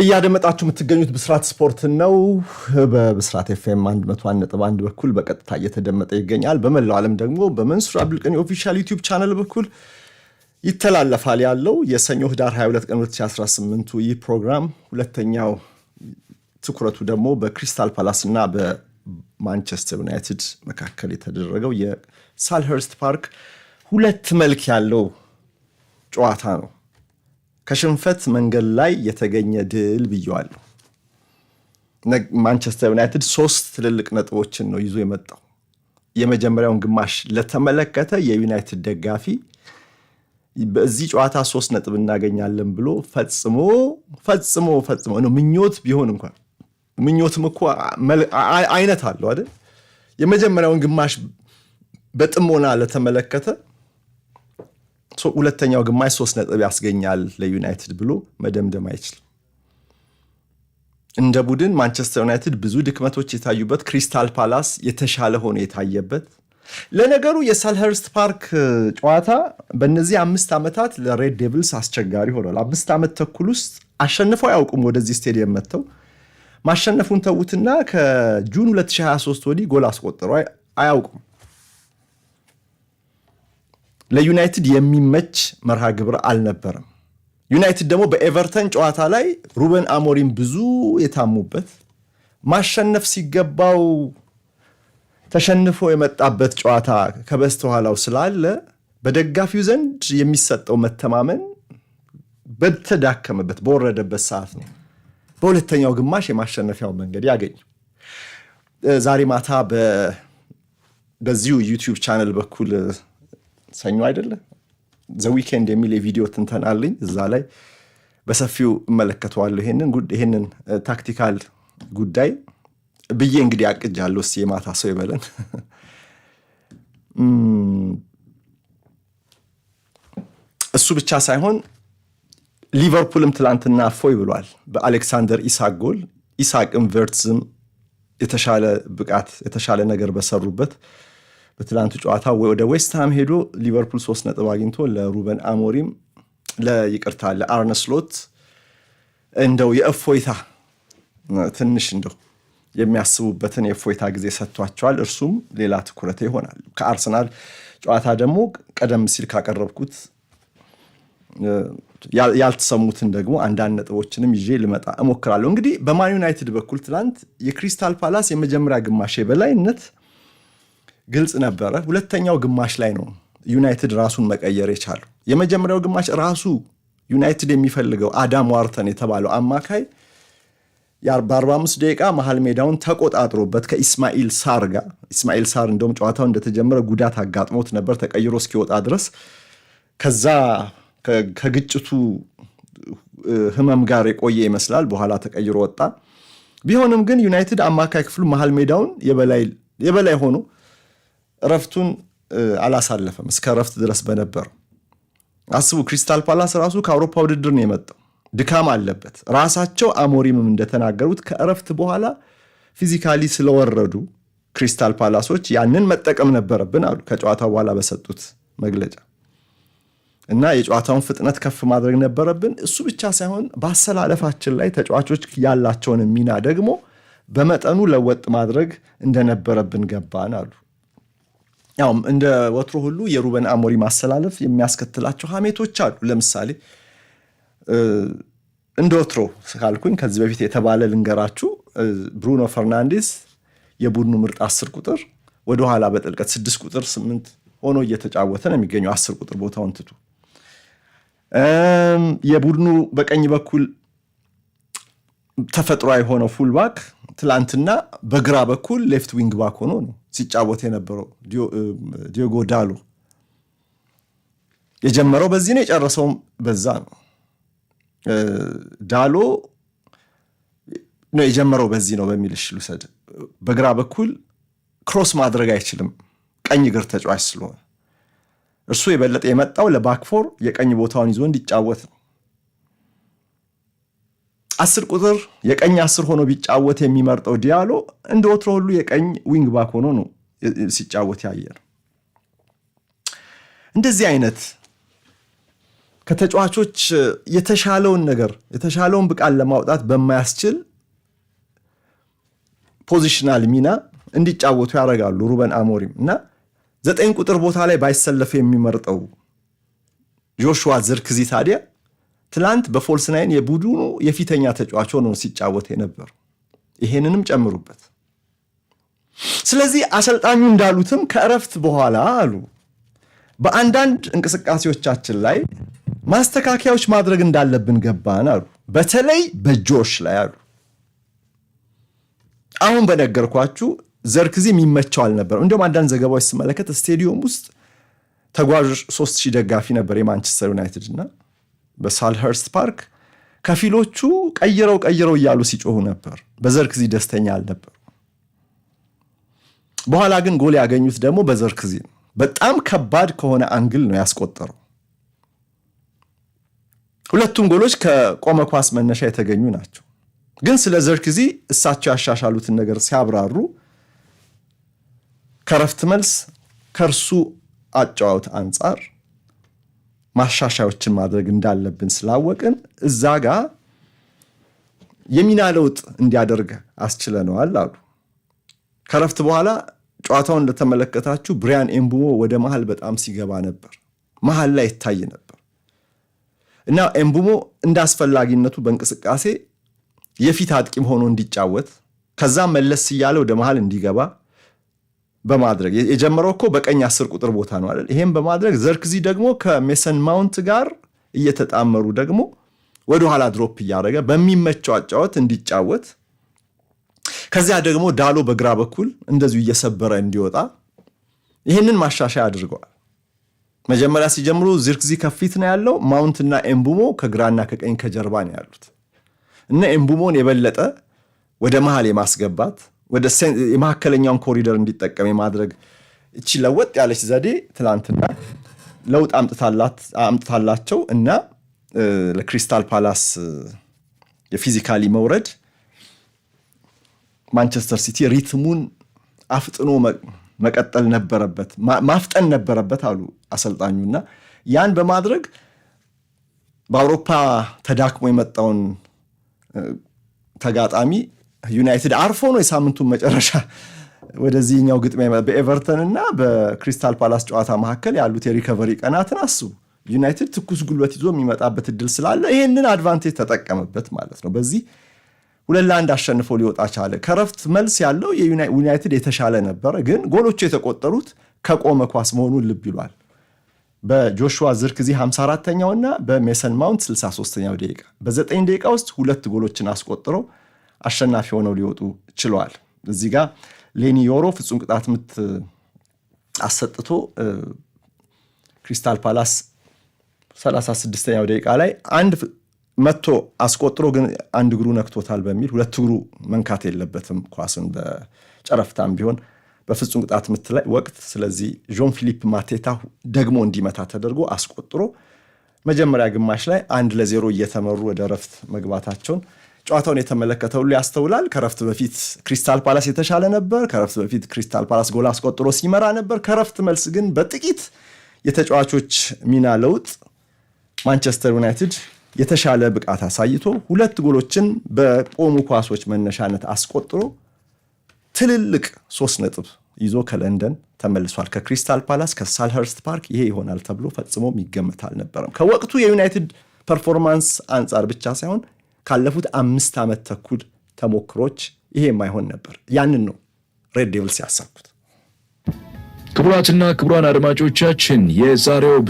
እያደመጣችሁ የምትገኙት ብስራት ስፖርትን ነው። በብስራት ኤፍኤም 1 በኩል በቀጥታ እየተደመጠ ይገኛል። በመላው ዓለም ደግሞ በመንሱር አብዱልቀኒ ኦፊሻል ዩቲዩብ ቻናል በኩል ይተላለፋል። ያለው የሰኞ ህዳር 22 ቀን 2018 ይህ ፕሮግራም ሁለተኛው ትኩረቱ ደግሞ በክሪስታል ፓላስ እና በማንቸስተር ዩናይትድ መካከል የተደረገው የሳልሀርስት ፓርክ ሁለት መልክ ያለው ጨዋታ ነው። ከሽንፈት መንገድ ላይ የተገኘ ድል ብየዋለሁ። ማንቸስተር ዩናይትድ ሶስት ትልልቅ ነጥቦችን ነው ይዞ የመጣው። የመጀመሪያውን ግማሽ ለተመለከተ የዩናይትድ ደጋፊ በዚህ ጨዋታ ሶስት ነጥብ እናገኛለን ብሎ ፈጽሞ ፈጽሞ ፈጽሞ ነው ምኞት ቢሆን እንኳን ምኞትም እኮ አይነት አለው አይደል? የመጀመሪያውን ግማሽ በጥሞና ለተመለከተ ሁለተኛው ግማሽ ሶስት ነጥብ ያስገኛል ለዩናይትድ ብሎ መደምደም አይችልም። እንደ ቡድን ማንቸስተር ዩናይትድ ብዙ ድክመቶች የታዩበት፣ ክሪስታል ፓላስ የተሻለ ሆኖ የታየበት። ለነገሩ የሰልኸርስት ፓርክ ጨዋታ በእነዚህ አምስት ዓመታት ለሬድ ዴቪልስ አስቸጋሪ ሆኗል። አምስት ዓመት ተኩል ውስጥ አሸንፈው አያውቁም። ወደዚህ ስቴዲየም መጥተው ማሸነፉን ተዉትና ከጁን 2023 ወዲህ ጎል አስቆጥረው አያውቁም። ለዩናይትድ የሚመች መርሃ ግብር አልነበረም። ዩናይትድ ደግሞ በኤቨርተን ጨዋታ ላይ ሩበን አሞሪም ብዙ የታሙበት ማሸነፍ ሲገባው ተሸንፎ የመጣበት ጨዋታ ከበስተኋላው ስላለ በደጋፊው ዘንድ የሚሰጠው መተማመን በተዳከመበት በወረደበት ሰዓት ነው በሁለተኛው ግማሽ የማሸነፊያው መንገድ ያገኝ። ዛሬ ማታ በዚሁ ዩቲዩብ ቻነል በኩል ሰኞ አይደለ ዊኬንድ የሚል የቪዲዮ ትንተና አለኝ። እዛ ላይ በሰፊው እመለከተዋለሁ ይሄንን ታክቲካል ጉዳይ ብዬ እንግዲህ አቅጃለሁ። እስኪ የማታ ሰው ይበለን። እሱ ብቻ ሳይሆን ሊቨርፑልም ትላንትና እፎይ ብሏል በአሌክሳንደር ኢሳቅ ጎል። ኢሳቅም ቨርትዝም የተሻለ ብቃት የተሻለ ነገር በሰሩበት በትላንቱ ጨዋታ ወደ ዌስትሃም ሄዶ ሊቨርፑል ሶስት ነጥብ አግኝቶ ለሩበን አሞሪም ለይቅርታ ለአርነስሎት ስሎት እንደው የእፎይታ ትንሽ እንደው የሚያስቡበትን የእፎይታ ጊዜ ሰጥቷቸዋል። እርሱም ሌላ ትኩረት ይሆናል። ከአርሰናል ጨዋታ ደግሞ ቀደም ሲል ካቀረብኩት ያልተሰሙትን ደግሞ አንዳንድ ነጥቦችንም ይዤ ልመጣ እሞክራለሁ። እንግዲህ በማን ዩናይትድ በኩል ትላንት የክሪስታል ፓላስ የመጀመሪያ ግማሽ የበላይነት ግልጽ ነበረ። ሁለተኛው ግማሽ ላይ ነው ዩናይትድ ራሱን መቀየር የቻሉ። የመጀመሪያው ግማሽ ራሱ ዩናይትድ የሚፈልገው አዳም ዋርተን የተባለው አማካይ በ45 ደቂቃ መሀል ሜዳውን ተቆጣጥሮበት ከኢስማኤል ሳር ጋር ኢስማኤል ሳር እንደውም ጨዋታው እንደተጀመረ ጉዳት አጋጥሞት ነበር ተቀይሮ እስኪወጣ ድረስ ከዛ ከግጭቱ ህመም ጋር የቆየ ይመስላል። በኋላ ተቀይሮ ወጣ። ቢሆንም ግን ዩናይትድ አማካይ ክፍሉ መሀል ሜዳውን የበላይ ሆኖ እረፍቱን አላሳለፈም። እስከ እረፍት ድረስ በነበረው አስቡ። ክሪስታል ፓላስ ራሱ ከአውሮፓ ውድድር ነው የመጣው። ድካም አለበት። ራሳቸው አሞሪምም እንደተናገሩት ከእረፍት በኋላ ፊዚካሊ ስለወረዱ ክሪስታል ፓላሶች ያንን መጠቀም ነበረብን አሉ ከጨዋታው በኋላ በሰጡት መግለጫ እና የጨዋታውን ፍጥነት ከፍ ማድረግ ነበረብን። እሱ ብቻ ሳይሆን በአሰላለፋችን ላይ ተጫዋቾች ያላቸውን ሚና ደግሞ በመጠኑ ለወጥ ማድረግ እንደነበረብን ገባን አሉ። ያውም እንደ ወትሮ ሁሉ የሩበን አሞሪ ማሰላለፍ የሚያስከትላቸው ሀሜቶች አሉ። ለምሳሌ እንደ ወትሮ ካልኩኝ ከዚህ በፊት የተባለ ልንገራችሁ። ብሩኖ ፈርናንዴስ የቡድኑ ምርጥ አስር ቁጥር ወደኋላ በጥልቀት ስድስት ቁጥር ስምንት ሆኖ እየተጫወተ ነው የሚገኘው። አስር ቁጥር ቦታውን ትቱ የቡድኑ በቀኝ በኩል ተፈጥሯ የሆነው ፉልባክ ትላንትና በግራ በኩል ሌፍት ዊንግ ባክ ሆኖ ነው ሲጫወት የነበረው ዲዮጎ ዳሎ የጀመረው በዚህ ነው፣ የጨረሰውም በዛ ነው። ዳሎ ነው የጀመረው በዚህ ነው በሚል እሺ ልውሰድ። በግራ በኩል ክሮስ ማድረግ አይችልም ቀኝ እግር ተጫዋች ስለሆነ እርሱ የበለጠ የመጣው ለባክፎር የቀኝ ቦታውን ይዞ እንዲጫወት ነው። አስር ቁጥር የቀኝ አስር ሆኖ ቢጫወት የሚመርጠው ዲያሎ እንደ ወትሮ ሁሉ የቀኝ ዊንግ ባክ ሆኖ ነው ሲጫወት ያየር። እንደዚህ አይነት ከተጫዋቾች የተሻለውን ነገር የተሻለውን ብቃት ለማውጣት በማያስችል ፖዚሽናል ሚና እንዲጫወቱ ያደርጋሉ ሩበን አሞሪም እና ዘጠኝ ቁጥር ቦታ ላይ ባይሰለፈ የሚመርጠው ጆሹዋ ዝርክዚ ታዲያ ትላንት በፎልስ ናይን የቡድኑ የፊተኛ ተጫዋች ሆኖ ሲጫወት የነበረው ይሄንንም ጨምሩበት። ስለዚህ አሰልጣኙ እንዳሉትም ከእረፍት በኋላ አሉ በአንዳንድ እንቅስቃሴዎቻችን ላይ ማስተካከያዎች ማድረግ እንዳለብን ገባን አሉ። በተለይ በጆሽ ላይ አሉ። አሁን በነገርኳችሁ ዘርክዚ የሚመቸው አልነበረም። እንዲሁም አንዳንድ ዘገባዎች ስመለከት ስቴዲየም ውስጥ ተጓዥ ሶስት ሺህ ደጋፊ ነበር የማንቸስተር ዩናይትድ እና በሳልኸርስት ፓርክ ከፊሎቹ ቀይረው ቀይረው እያሉ ሲጮሁ ነበር። በዘርክዚ ደስተኛ አልነበሩ። በኋላ ግን ጎል ያገኙት ደግሞ በዘርክዚ ነው። በጣም ከባድ ከሆነ አንግል ነው ያስቆጠረው። ሁለቱም ጎሎች ከቆመ ኳስ መነሻ የተገኙ ናቸው። ግን ስለ ዘርክዚ እሳቸው ያሻሻሉትን ነገር ሲያብራሩ ከረፍት መልስ ከእርሱ አጨዋወት አንጻር ማሻሻዮችን ማድረግ እንዳለብን ስላወቅን እዛ ጋ የሚና ለውጥ እንዲያደርግ አስችለነዋል አሉ። ከረፍት በኋላ ጨዋታውን እንደተመለከታችሁ ብሪያን ኤምቡሞ ወደ መሀል በጣም ሲገባ ነበር፣ መሀል ላይ ይታይ ነበር እና ኤምቡሞ እንደ አስፈላጊነቱ በእንቅስቃሴ የፊት አጥቂም ሆኖ እንዲጫወት ከዛ መለስ እያለ ወደ መሀል እንዲገባ በማድረግ የጀመረው እኮ በቀኝ አስር ቁጥር ቦታ ነው አይደል? ይሄም በማድረግ ዘርክዚ ደግሞ ከሜሰን ማውንት ጋር እየተጣመሩ ደግሞ ወደኋላ ድሮፕ እያደረገ በሚመቸው አጫወት እንዲጫወት ከዚያ ደግሞ ዳሎ በግራ በኩል እንደዚሁ እየሰበረ እንዲወጣ ይህንን ማሻሻያ አድርገዋል። መጀመሪያ ሲጀምሩ ዝርክዚ ከፊት ነው ያለው። ማውንትና ኤምቡሞ ከግራና ከቀኝ ከጀርባ ነው ያሉት እና ኤምቡሞን የበለጠ ወደ መሃል የማስገባት ወደ የመካከለኛውን ኮሪደር እንዲጠቀም የማድረግ እቺ ለወጥ ያለች ዘዴ ትናንትና ለውጥ አምጥታላቸው እና ለክሪስታል ፓላስ የፊዚካሊ መውረድ ማንቸስተር ሲቲ ሪትሙን አፍጥኖ መቀጠል ነበረበት፣ ማፍጠን ነበረበት አሉ አሰልጣኙና ያን በማድረግ በአውሮፓ ተዳክሞ የመጣውን ተጋጣሚ ዩናይትድ አርፎ ነው የሳምንቱን መጨረሻ ወደዚህኛው ግጥሚያ በኤቨርተን እና በክሪስታል ፓላስ ጨዋታ መካከል ያሉት የሪከቨሪ ቀናትን አስቡ። ዩናይትድ ትኩስ ጉልበት ይዞ የሚመጣበት እድል ስላለ ይህንን አድቫንቴጅ ተጠቀመበት ማለት ነው። በዚህ ሁለት ለአንድ አሸንፎ ሊወጣ ቻለ። ከረፍት መልስ ያለው ዩናይትድ የተሻለ ነበረ፣ ግን ጎሎቹ የተቆጠሩት ከቆመ ኳስ መሆኑን ልብ ይሏል። በጆሹዋ ዝርክዚ 54 ተኛው እና በሜሰን ማውንት 63 ተኛው ደቂቃ በ9 ደቂቃ ውስጥ ሁለት ጎሎችን አስቆጥረው አሸናፊ ሆነው ሊወጡ ችለዋል። እዚህ ጋር ሌኒ ዮሮ ፍጹም ቅጣት ምት አሰጥቶ ክሪስታል ፓላስ 36ኛው ደቂቃ ላይ አንድ መቶ አስቆጥሮ ግን አንድ እግሩ ነክቶታል በሚል ሁለት እግሩ መንካት የለበትም ኳስን በጨረፍታም ቢሆን በፍጹም ቅጣት ምት ላይ ወቅት። ስለዚህ ዦን ፊሊፕ ማቴታ ደግሞ እንዲመታ ተደርጎ አስቆጥሮ መጀመሪያ ግማሽ ላይ አንድ ለዜሮ እየተመሩ ወደ እረፍት መግባታቸውን ጨዋታውን የተመለከተ ሁሉ ያስተውላል። ከረፍት በፊት ክሪስታል ፓላስ የተሻለ ነበር። ከረፍት በፊት ክሪስታል ፓላስ ጎል አስቆጥሮ ሲመራ ነበር። ከረፍት መልስ ግን በጥቂት የተጫዋቾች ሚና ለውጥ ማንቸስተር ዩናይትድ የተሻለ ብቃት አሳይቶ ሁለት ጎሎችን በቆሙ ኳሶች መነሻነት አስቆጥሮ ትልልቅ ሶስት ነጥብ ይዞ ከለንደን ተመልሷል። ከክሪስታል ፓላስ ከሳልኸርስት ፓርክ ይሄ ይሆናል ተብሎ ፈጽሞ የሚገመት አልነበረም። ከወቅቱ የዩናይትድ ፐርፎርማንስ አንጻር ብቻ ሳይሆን ካለፉት አምስት ዓመት ተኩል ተሞክሮች ይሄ የማይሆን ነበር። ያንን ነው ሬድ ዴቭልስ ሲያሳኩት። ክቡራትና ክቡራን አድማጮቻችን የዛሬው